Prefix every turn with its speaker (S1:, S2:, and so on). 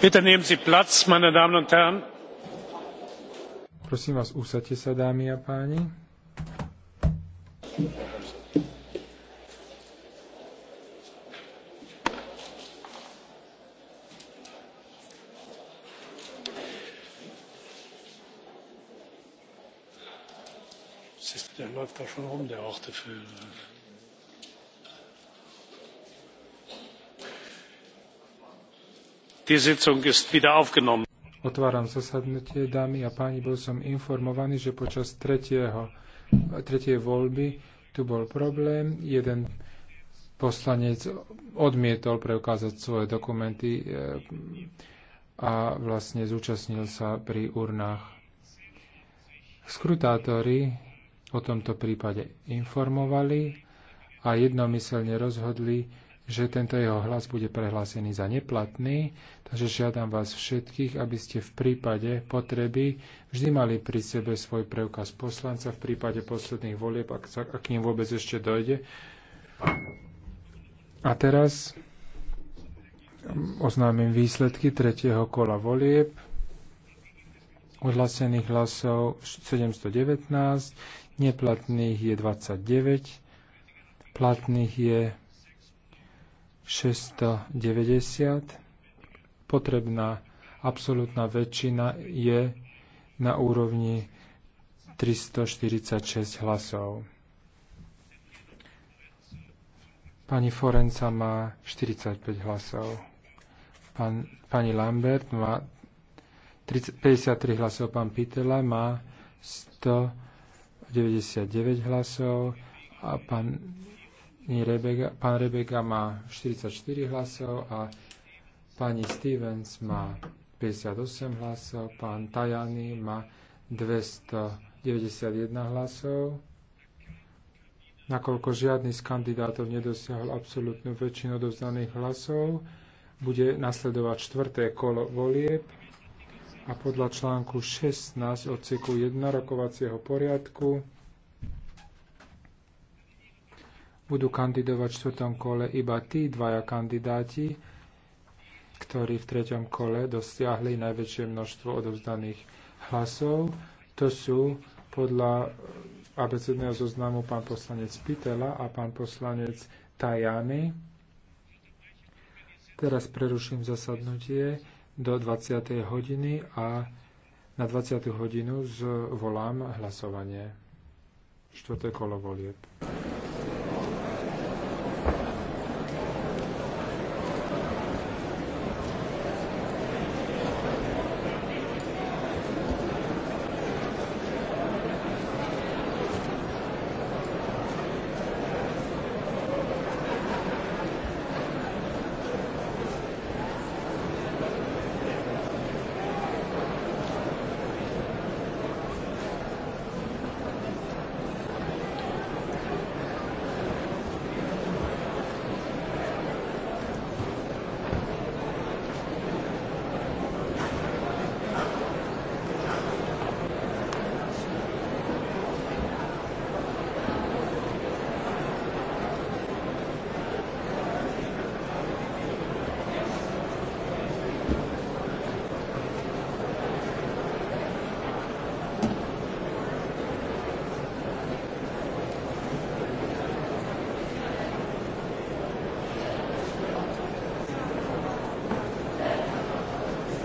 S1: bitte nehmen sie platz meine damen und herren! prosím vás usaďte sa dámy a páni. Der läuft da schon rum, der Ortefüll. Otváram zasadnutie, dámy a páni, bol som informovaný, že počas tretieho, tretej voľby tu bol problém. Jeden poslanec odmietol preukázať svoje dokumenty eh, a vlastne zúčastnil sa pri urnách. Skrutátori o tomto prípade informovali a jednomyselne rozhodli, že tento jeho hlas bude prehlásený za neplatný, takže žiadam vás všetkých, aby ste v prípade potreby vždy mali pri sebe svoj preukaz poslanca v prípade posledných volieb, ak, sa, ak k ním vôbec ešte dojde. A teraz oznámim výsledky tretieho kola volieb. Odhlasených hlasov 719, neplatných je 29, platných je 690. Potrebná absolútna väčšina je na úrovni 346 hlasov. Pani Forenca má 45 hlasov. Pan, pani Lambert má 30, 53 hlasov. Pán Pitela má 199 hlasov. A pán Rebega, pán Rebega má 44 hlasov a pani Stevens má 58 hlasov, pán Tajani má 291 hlasov. Nakoľko žiadny z kandidátov nedosiahol absolútnu väčšinu dozdaných hlasov, bude nasledovať čtvrté kolo volieb a podľa článku 16 odseku 1 rokovacieho poriadku budú kandidovať v štvrtom kole iba tí dvaja kandidáti, ktorí v treťom kole dosiahli najväčšie množstvo odovzdaných hlasov. To sú podľa abecedného zoznamu pán poslanec Pitela a pán poslanec Tajany. Teraz preruším zasadnutie do 20. hodiny a na 20. hodinu zvolám hlasovanie. Štvrté kolo volieb.